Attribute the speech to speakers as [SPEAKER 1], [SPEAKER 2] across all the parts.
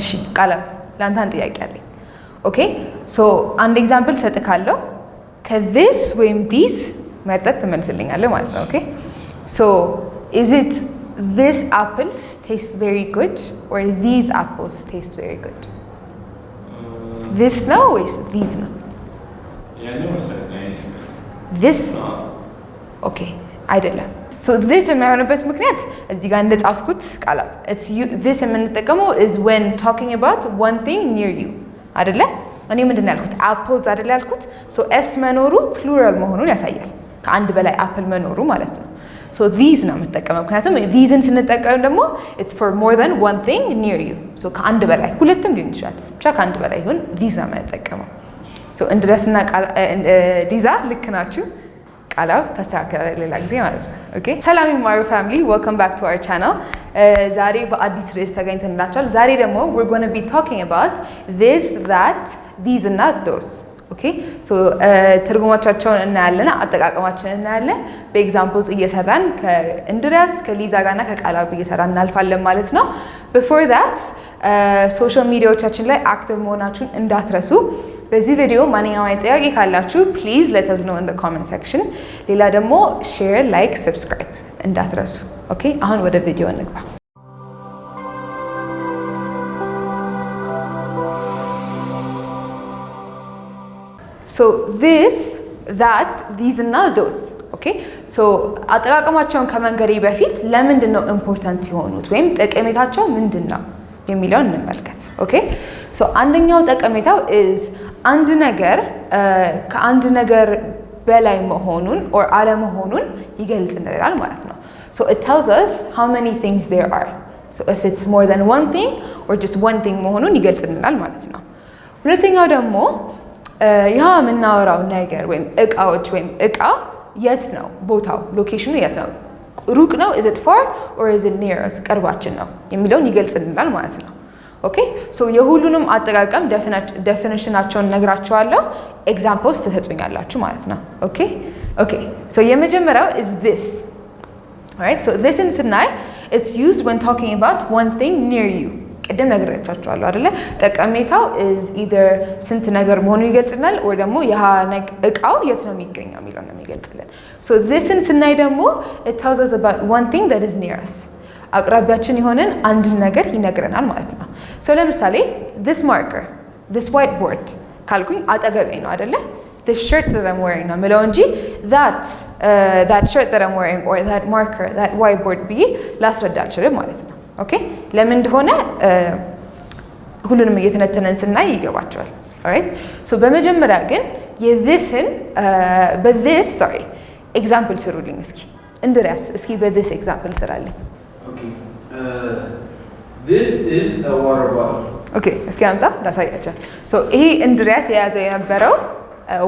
[SPEAKER 1] እሺ ቃለም ለአንተ አንድ ጥያቄ አለኝ። ኦኬ ሶ አንድ ኤግዛምፕል ሰጥ ካለው ከዚስ ወይም ዲስ መርጠት ትመልስልኛለህ ማለት ነው። ኦኬ ሶ ኢዝ ኢት ዚስ አፕልስ ቴስት ቬሪ ጉድ ኦር ዚዝ አፕልስ ቴስት ቬሪ ጉድ? ዚስ ነው ወይስ ዚዝ ነው? ዚስ ኦኬ አይደለም ስ የማይሆንበት ምክንያት እዚህ ጋር እንደጻፍኩት ቃላ ዚስ የምንጠቀመው ኢዝ ዌን ታኪንግ አባውት ዋን ቲንግ ኒር ዩ አይደለ? እኔ ምንድን ነው ያልኩት? አፕልስ አይደለ ያልኩት? ኤስ መኖሩ ፕሉራል መሆኑን ያሳያል። ከአንድ በላይ አፕል መኖሩ ማለት ነው። ሶ ዚዝ ነው የምትጠቀመው። ምክንያቱም ዚዝን ስንጠቀም ደግሞ ኢትስ ፎር ሞር ዘን ዋን ቲንግ ኒር ዩ፣ ከአንድ በላይ ሁለትም ሊሆን ይችላል። ብቻ ከአንድ በላይ ይሁን ዚዝ ነው የምንጠቀመው። እንድረስና ዲዛ ልክ ናችሁ። ቃላብ ተስተካከለ ሌላ ጊዜ ማለት ነው። ኦኬ ሰላም የማሩ ፋሚሊ ወልከም ባክ ቱ አወር ቻናል። ዛሬ በአዲስ ርዕስ ተገኝተንላችኋል። ዛሬ ደግሞ we're going to be talking about this that እና those ኦኬ ሶ ትርጉሞቻቸውን እናያለን፣ አጠቃቀማችን እናያለን። በኤግዛምፕልስ እየሰራን ከእንድሪያስ ከሊዛ ጋርና ከቃላብ እየሰራን እናልፋለን ማለት ነው። ቢፎር ዛት ሶሻል ሚዲያዎቻችን ላይ አክቲቭ መሆናችሁን እንዳትረሱ በዚህ ቪዲዮ ማንኛውም ጥያቄ ካላችሁ ፕሊዝ ሌት ኖ ኢን ኮሜንት ሴክሽን። ሌላ ደግሞ ሼር፣ ላይክ፣ ሰብስክራይብ እንዳትረሱ። ኦኬ አሁን ወደ ቪዲዮ እንግባ። ሶ ዚስ ዛት ዚዝ እና ዞስ ኦኬ ሶ አጠቃቀማቸውን ከመንገዴ በፊት ለምንድን ነው ኢምፖርታንት የሆኑት ወይም ጠቀሜታቸው ምንድን ነው የሚለውን እንመልከት። ኦኬ ሶ አንደኛው ጠቀሜታው ኢዝ አንድ ነገር ከአንድ ነገር በላይ መሆኑን ኦር አለመሆኑን ይገልጽልናል ማለት ነው። ሶ ኢት ቴልስ አስ ሃው ሜኒ ቲንግስ ዜር አር ሶ ኢፍ ኢትስ ሞር ዛን ዋን ቲንግ ኦር ጀስት ዋን ቲንግ መሆኑን ይገልጽልናል ማለት ነው። ሁለተኛው ደግሞ ይህ የምናወራው ነገር ወይም እቃዎች ወይም እቃ የት ነው ቦታው፣ ሎኬሽኑ የት ነው፣ ሩቅ ነው፣ ኢዝ ኢት ፋር ኦር ኢዝ ኢት ኒር ቅርባችን ነው የሚለውን ይገልጽልናል ማለት ነው። ኦኬ ሶ የሁሉንም አጠቃቀም ደፊኒሽናቸውን ነግራቸዋለሁ። ኤግዛምፕልስ ተሰጡኛላችሁ ማለት ነው። ኦኬ ኦኬ ሶ የመጀመሪያው ኢዝ ዚስ ኦራይት ሶ ዚስን ስናይ ኢትስ ዩዝድ ዌን ታኪንግ አባውት ዋን ቲንግ ኒር ዩ ቅድም ነግሬያቸዋለሁ አይደለ? ጠቀሜታው ኢዝ ኢዘር ስንት ነገር መሆኑን ይገልጽናል፣ ወይ ደግሞ ያ እቃው የት ነው የሚገኘው የሚለው ነው የሚገልጽልን። ሶ ዚስን ስናይ ደግሞ ኢት ቴልስ አስ አባውት ዋን ቲንግ ዛት ኢዝ ኒር አስ አቅራቢያችን የሆነን አንድን ነገር ይነግረናል ማለት ነው። ሶ ለምሳሌ ዚስ ማርከር ዚስ ዋይት ቦርድ ካልኩኝ አጠገቤ ነው አይደለ? ዚስ ሸርት ዛት አም ነው ምለው እንጂ ዛት ሸርት ዛት አም ኦር ዛት ማርከር ዛት ዋይት ቦርድ ብዬ ላስረዳ አልችልም ማለት ነው። ኦኬ ለምን እንደሆነ uh, ሁሉንም እየተነተነን ስናይ ይገባቸዋል። ኦራይት ሶ በመጀመሪያ ግን የዚስን uh, በዚስ ሶሪ ኤግዛምፕል ስሩልኝ እስኪ እንድሪያስ እስኪ በዚስ ኤግዛምፕል ስራልኝ Uh, እስኪ አምጣ ላሳያቸው። ይሄ እንድሪያስ የያዘው የነበረው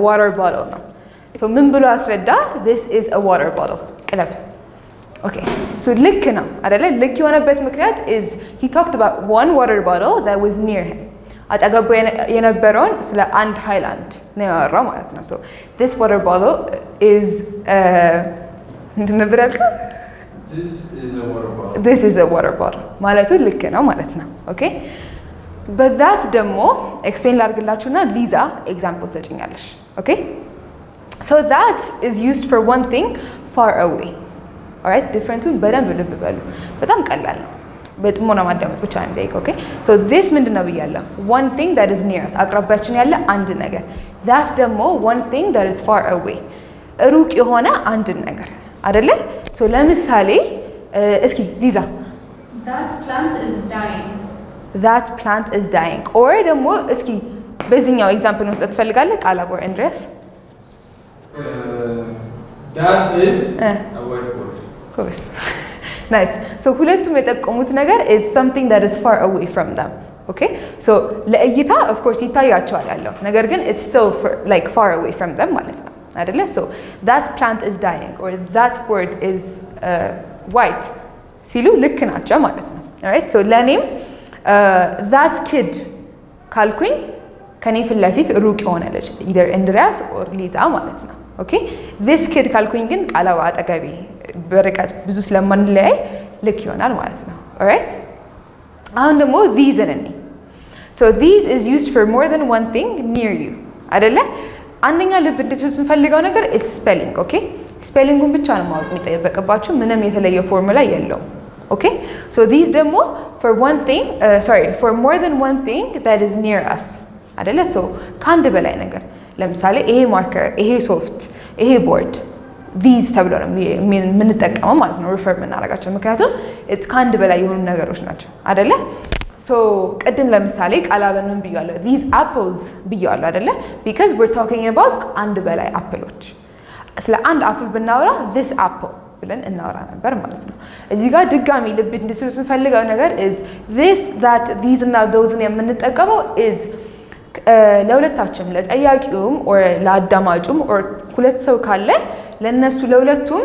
[SPEAKER 1] ዋተር uh, ቦትል ነው። ምን ብሎ አስረዳ? ዚስ ኢዝ አ ዋተር ቦትል ቅለብ። ኦኬ እሱ ልክ ነው አይደለ? ልክ የሆነበት ምክንያት ኢዝ ሂ ቶክድ አባውት ዋን ዋተር ቦትል ዛት ዋዝ ኒር ሂም አጠገቡ የነበረውን ስለ አንድ ሃይላንድ ነው ያወራው ማለት ነው። ዚስ ዋተር ቦትል ኢዝ ምንድን ያልከው?
[SPEAKER 2] is
[SPEAKER 1] a water bottle ማለቱ ልክ ነው ማለት ነው። ኦኬ በዛት ደግሞ ኤክስፕሌን ላድርግላችሁና ሊዛ ኤግዛምፕል ሰጭኛለሽ። ኦኬ ሶ ዛት ኢዝ ዩዝድ ፎር ዋን ቲንግ ፋር አዌይ ኦራይት። ዲፍረንሱን በደንብ ልብ በሉ። በጣም ቀላል ነው። በጥሞና ማዳመጥ ብቻ ነው የሚጠይቀው። ኦኬ ሶ ዚስ ምንድን ነው ብያለሁ? ዋን ቲንግ ዛት ኢዝ ኒየር አቅራቢያችን ያለ አንድ ነገር። ዛት ደግሞ ዋን ቲንግ ዛት ኢዝ ፋር አዌይ ሩቅ የሆነ አንድን ነገር አይደለ? ለምሳሌ እስኪ ሊዛ ዛት ፕላንት ኢዝ ዳይንግ ኦር ደግሞ እስኪ በዚህኛው ኤግዛምፕል መስጠት ትፈልጋለህ? ቃላ ቦር እንድረስ ሁለቱም የጠቀሙት ነገር ኢዝ ሰምቲንግ ዛት ኢዝ ፋር አዌይ ፍሮም ዛም ኦኬ ሶ ለእይታ ኦፍኮርስ ይታያቸዋል ያለው ነገር ግን ኢትስ ስቲል ላይክ ፋር አዌይ ፍሮም ዛም ማለት ነው። አይደለ ሶ ዛት ፕላንት ኢዝ ዳይንግ ኦር ዛት ወርድ ኢዝ ዋይት ሲሉ ልክ ናቸው ማለት ነው። ኦራይት ሶ ለእኔም ዛት ኪድ ካልኩኝ ከኔ ፊት ለፊት ሩቅ የሆነ ልጅ ኢዘር እንድሪያስ ኦር ሊዛ ማለት ነው። ኦኬ ዚስ ኪድ ካልኩኝ ግን ቃላው አጠገቤ በርቀት ብዙ ስለማንለያይ ልክ ይሆናል ማለት ነው። ኦራይት አሁን ደግሞ ዚዝን እኔ ሶ ዚዝ ኢዝ ዩዝድ ፎር ሞር ዘን ዋን ቲንግ ኒር ዩ አይደለ አንደኛ ልብ እንድትሉት የምፈልገው ነገር ስፔሊንግ ኦኬ። ስፔሊንጉን ብቻ ነው ማወቅ የሚጠበቅባችሁ። ምንም የተለየ ፎርሙላ የለውም። ኦኬ ሶ ዚዝ ደግሞ ፎር ዋን ቲንግ ሶሪ ፎር ሞር ዛን ዋን ቲንግ ዛት ኢዝ ኒር አስ አይደለ ሶ ከአንድ በላይ ነገር ለምሳሌ ይሄ ማርከር፣ ይሄ ሶፍት፣ ይሄ ቦርድ ዚዝ ተብሎ ነው የምንጠቀመው ማለት ነው ሪፈር የምናደርጋቸው ምክንያቱም ከአንድ በላይ የሆኑ ነገሮች ናቸው አይደለ ቅድም ለምሳሌ ቃላበን ምን ብያለሁ? ዚዝ አፕልስ ብያለሁ አይደለ? ቢካዝ ዌር ታኪንግ አባውት ከአንድ በላይ አፕሎች። ስለ አንድ አፕል ብናወራ ዚስ አፕል ብለን እናወራ ነበር ማለት ነው። እዚህ ጋር ድጋሚ ልብ እንድትሉት የምፈልገው ነገር ኢዝ ዚስ ዛት ዚዝ እና ዞዝን የምንጠቀመው ኢዝ ለሁለታችንም ለጠያቂውም ኦር ለአዳማጩም ኦር ሁለት ሰው ካለ ለእነሱ ለሁለቱም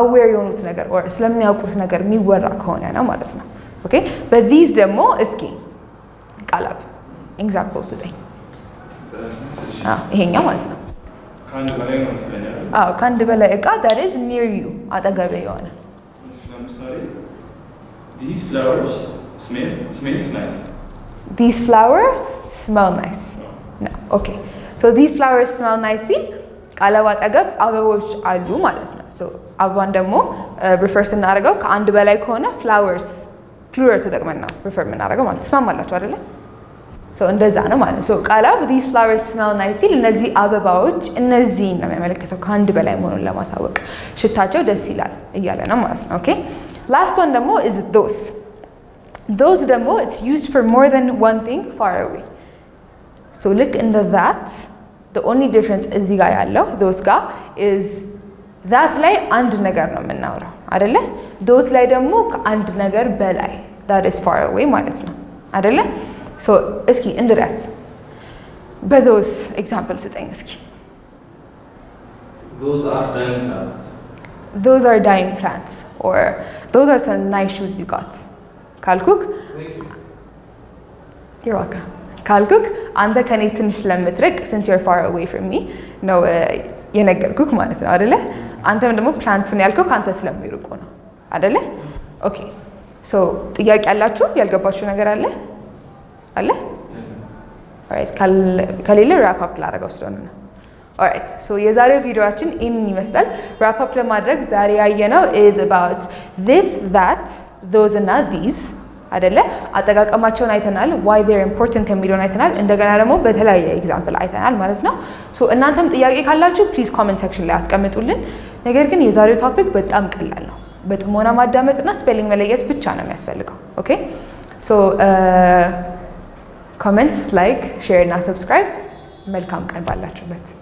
[SPEAKER 1] አዌር የሆኑት ነገር ኦር ስለሚያውቁት ነገር የሚወራ ከሆነ ነው ማለት ነው። ኦኬ በዚዝ ደግሞ እስኪ ቃላብ ኤግዛምፕል ስጠኝ። ይሄኛው ማለት ነው ከአንድ በላይ እቃ ዳት ኢዝ ኒር ዩ አጠገብ የሆነ
[SPEAKER 2] ዲስ ፍላወርስ ስሜል ናይስ።
[SPEAKER 1] ኦኬ ሶ ዲስ ፍላወርስ ስሜል ናይስ ሲል ቃላብ አጠገብ አበቦች አሉ ማለት ነው። አበባን ደግሞ ሪፈር uh, ስናደርገው ከአንድ በላይ ከሆነ ፍላወርስ ፕሉራል ተጠቅመን ነው ሪፈር የምናደርገው ማለት ተስማማላችሁ አይደለ? እንደዛ ነው ማለት ነው። ቃላብ ዲስ ፍላወርስ ስሜል ናይስ ሲል እነዚህ አበባዎች እነዚህን ነው የሚያመለክተው ከአንድ በላይ መሆኑን ለማሳወቅ ሽታቸው ደስ ይላል እያለ ነው ማለት ነው። ኦኬ ላስት ዋን ደግሞ ኢዝ ዶስ ዶስ ደግሞ ኢትስ ዩዝድ ፎር ሞር ዛን ዋን ቲንግ ፋር አዌይ ሶ ልክ እንደ ዛት ኦንሊ ዲፍረንስ እዚህ ጋር ያለው ዶስ ጋር ኢዝ ዛት ላይ አንድ ነገር ነው የምናውረው አደለ ዶስ ላይ ደግሞ ከአንድ ነገር በላይ ዳት ኢዝ ፋር አዌይ ማለት ነው አደለ ሶ እስኪ እንድረስ በዶስ ኤግዛምፕል ስጠኝ እስኪ ዶዝ አር ዳይንግ ፕላንትስ ኦር ዶዝ አር ሰም ናይስ ሹዝ ዩ ጋት ካልኩክ ይዋካ ካልኩክ አንተ ከኔ ትንሽ ስለምትርቅ ሲንስ ዩር ፋር አዌይ ፍሮም ሚ ነው የነገርኩክ ማለት ነው አደለ አንተም ደግሞ ፕላንቱን ያልከው ከአንተ ስለሚርቁ ነው አደለ? ኦኬ ሶ ጥያቄ ያላችሁ ያልገባችሁ ነገር አለ አለ? ኦራይት ከሌለ ራፕ አፕ ላደርገው ስለሆነ ነው። ኦራይት ሶ የዛሬው ቪዲዮችን ይህንን ይመስላል። ራፕ አፕ ለማድረግ ዛሬ ያየነው ኢዝ አባውት ዚስ ዛት ዞዝ እና ዚዝ አይደለ? አጠቃቀማቸውን አይተናል። ዋይ ር ኢምፖርታንት የሚለውን አይተናል። እንደገና ደግሞ በተለያየ ኤግዛምፕል አይተናል ማለት ነው። ሶ እናንተም ጥያቄ ካላችሁ ፕሊዝ ኮመንት ሴክሽን ላይ አስቀምጡልን። ነገር ግን የዛሬው ቶፒክ በጣም ቀላል ነው። በጥሞና ማዳመጥና ስፔሊንግ መለየት ብቻ ነው የሚያስፈልገው። ኦኬ ሶ ኮመንት፣ ላይክ፣ ሼር እና ሰብስክራይብ። መልካም ቀን ባላችሁበት